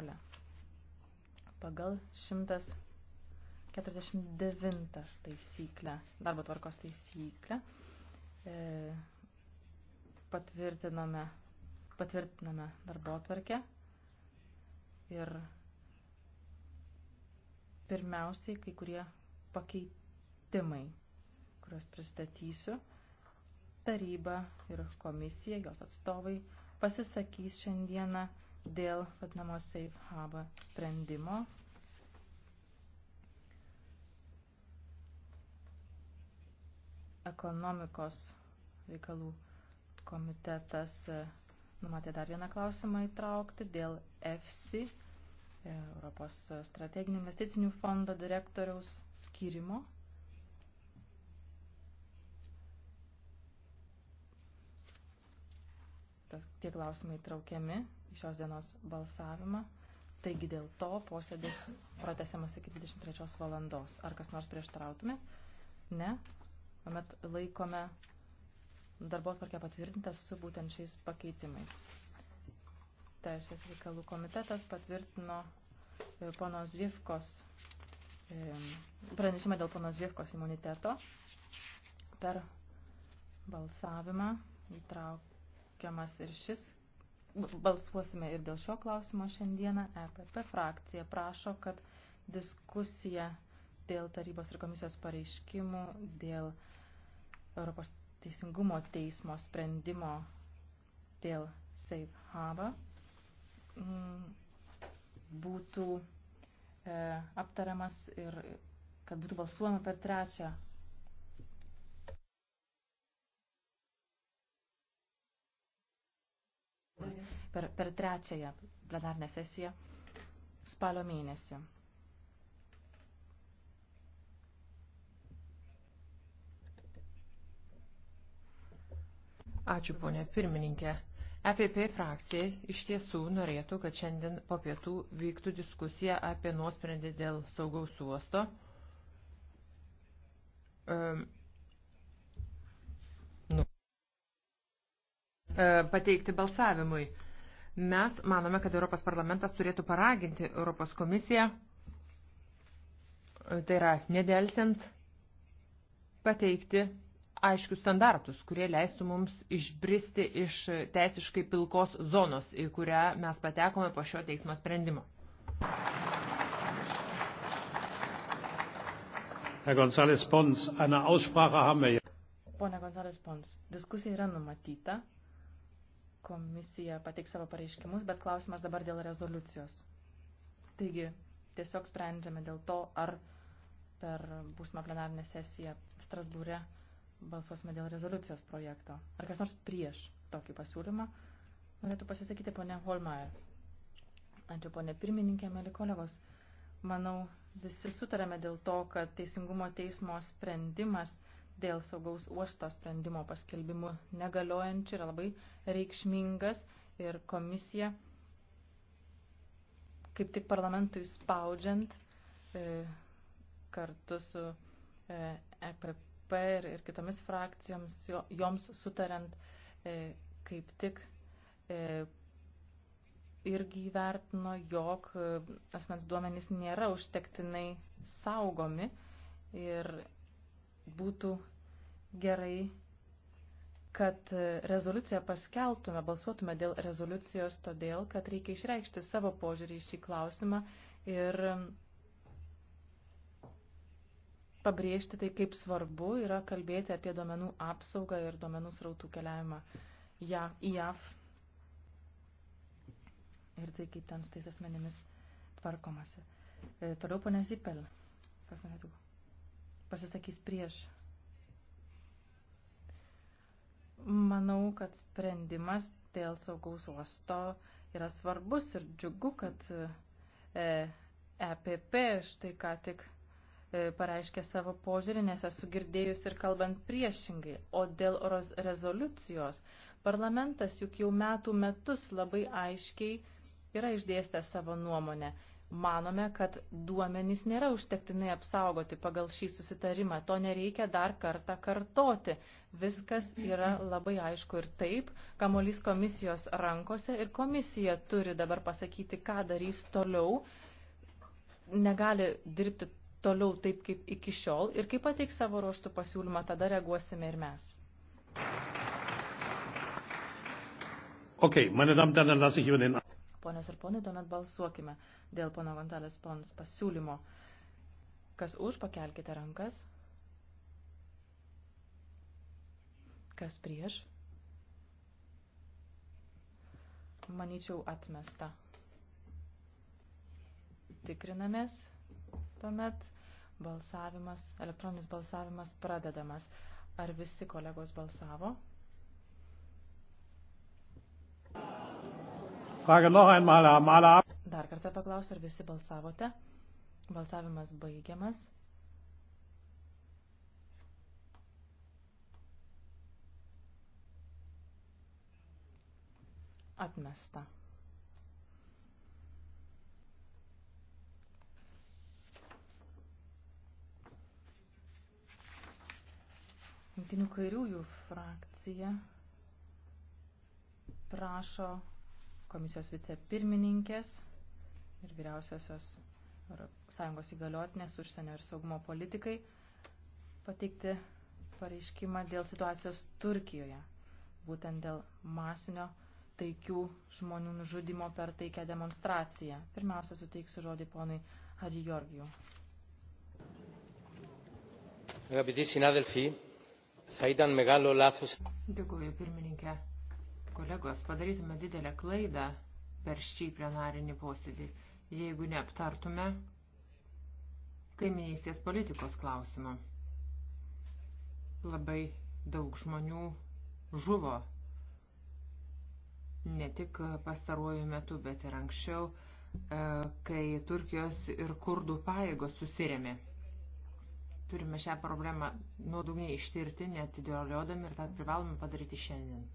Europole. Pagal 149 taisyklę, darbo tvarkos taisyklę, e, patvirtiname, patvirtiname darbo tvarkę ir pirmiausiai kai kurie pakeitimai, kuriuos pristatysiu, taryba ir komisija, jos atstovai pasisakys šiandieną dėl vadinamo Safe Hub sprendimo. Ekonomikos reikalų komitetas e, numatė dar vieną klausimą įtraukti dėl EFSI, Europos strateginių investicinių fondo direktoriaus skirimo. Tas, tie klausimai traukiami šios dienos balsavimą. Taigi dėl to posėdis pratesiamas iki 23 valandos. Ar kas nors prieštarautumė? Ne. Tuomet laikome darbo tvarkę patvirtintą su būtent šiais pakeitimais. Teisės reikalų komitetas patvirtino e, pono Zvivkos e, pranešimą dėl pono Zvivkos imuniteto per balsavimą įtraukiamas ir šis balsuosime ir dėl šio klausimo šiandieną. EPP frakcija prašo, kad diskusija dėl tarybos ir komisijos pareiškimų, dėl Europos teisingumo teismo sprendimo dėl Safe Harbor mm, būtų e, aptariamas ir kad būtų balsuojama per trečią per, per trečiąją plenarnę sesiją spalio mėnesį. Ačiū, ponė pirmininkė. EPP frakcija iš tiesų norėtų, kad šiandien po pietų vyktų diskusija apie nuosprendį dėl saugaus uosto. Um, nu, e, pateikti balsavimui. Mes manome, kad Europos parlamentas turėtų paraginti Europos komisiją, e, tai yra nedelsiant, pateikti aiškius standartus, kurie leistų mums išbristi iš teisiškai pilkos zonos, į kurią mes patekome po šio teismo sprendimo. Herr González Pons, eine Aussprache haben wir. Pone González Pons, diskusija yra numatyta komisija pateiks savo pareiškimus, bet klausimas dabar dėl rezoliucijos. Taigi, tiesiog sprendžiame dėl to, ar per būsimą plenarinę sesiją Strasbūre balsuosime dėl rezoliucijos projekto. Ar kas nors prieš tokį pasiūlymą norėtų pasisakyti ponė Holmeier. Ačiū ponė pirmininkė, mėly kolegos. Manau, visi sutarėme dėl to, kad Teisingumo teismo sprendimas – dėl saugaus uosto sprendimo paskelbimų negaliojančių yra labai reikšmingas ir komisija kaip tik parlamentui spaudžiant e, kartu su e, EPP ir, ir kitomis frakcijoms, jo, joms sutariant e, kaip tik e, irgi įvertino, jog e, asmens duomenys nėra užtektinai saugomi ir būtų gerai, kad rezoliuciją paskeltume, balsuotume dėl rezoliucijos, todėl, kad reikia išreikšti savo požiūrį į šį klausimą ir pabrėžti tai, kaip svarbu yra kalbėti apie duomenų apsaugą ir duomenų srautų keliavimą ja, į JAV ir tai, kaip ten su tais asmenėmis tvarkomasi. E, toliau ponė Zipel, kas norėtų pasisakys prieš Manau, kad sprendimas dėl saugaus uosto yra svarbus ir džiugu, kad EPP e štai ką tik e, pareiškė savo požiūrį, nes esu girdėjus ir kalbant priešingai. O dėl rezoliucijos parlamentas juk jau metų metus labai aiškiai yra išdėstęs savo nuomonę manome, kad duomenys nėra užtektinai apsaugoti pagal šį susitarimą. To nereikia dar kartą kartoti. Viskas yra labai aišku ir taip. Kamolys komisijos rankose ir komisija turi dabar pasakyti, ką darys toliau. Negali dirbti toliau taip kaip iki šiol ir kaip pateiks savo ruoštų pasiūlymą, tada reaguosime ir mes. Okay, meine Damen und Herren, dann lasse ich über den Ponios ir ponai, tuomet balsuokime dėl pono Vantalės pons pasiūlymo. Kas už, pakelkite rankas. Kas prieš? Manyčiau atmesta. Tikrinamės. Tuomet balsavimas, elektroninis balsavimas pradedamas. Ar visi kolegos balsavo? Dar kartą paklausiu, ar visi balsavote. Balsavimas baigiamas. Atmesta. Jungtinių kairiųjų frakcija prašo komisijos vicepirmininkės ir vyriausiosios sąjungos įgaliotinės užsienio ir saugumo politikai pateikti pareiškimą dėl situacijos Turkijoje, būtent dėl masinio taikių žmonių nužudimo per taikę demonstraciją. Pirmiausia, suteiksiu žodį ponui Hadži Georgijų. Dėkuoju, pirmininkė. Kolegos, padarytume didelę klaidą per šį plenarinį posėdį, jeigu neaptartume kaiminystės politikos klausimų. Labai daug žmonių žuvo ne tik pastaruoju metu, bet ir anksčiau, e, kai Turkijos ir kurdų pajėgos susirėmė. Turime šią problemą nuodugniai ištirti, netidėliodami ir tą privalome padaryti šiandien.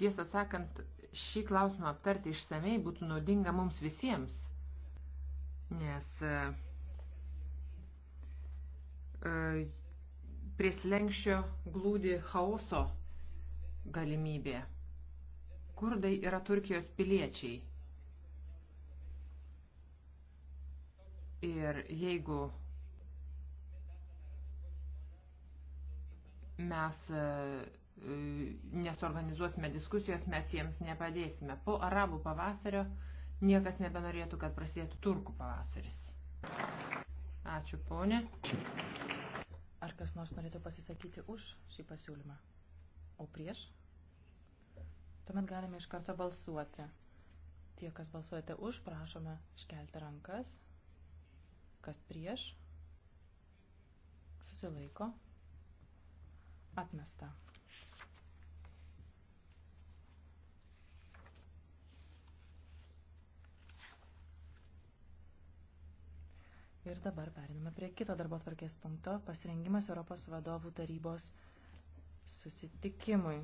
Tiesą sakant, šį klausimą aptarti išsamei būtų naudinga mums visiems, nes e, e, prie slengščio glūdi chaoso galimybė. Kurdai yra Turkijos piliečiai. Ir jeigu mes e, nesorganizuosime diskusijos, mes jiems nepadėsime. Po arabų pavasario niekas nebenorėtų, kad prasidėtų turkų pavasaris. Ačiū, ponė. Ar kas nors norėtų pasisakyti už šį pasiūlymą? O prieš? Tuomet galime iš karto balsuoti. Tie, kas balsuojate už, prašome iškelti rankas. Kas prieš? Susilaiko. Atmesta. Ir dabar periname prie kito darbo tvarkės punkto – pasirengimas Europos vadovų tarybos susitikimui.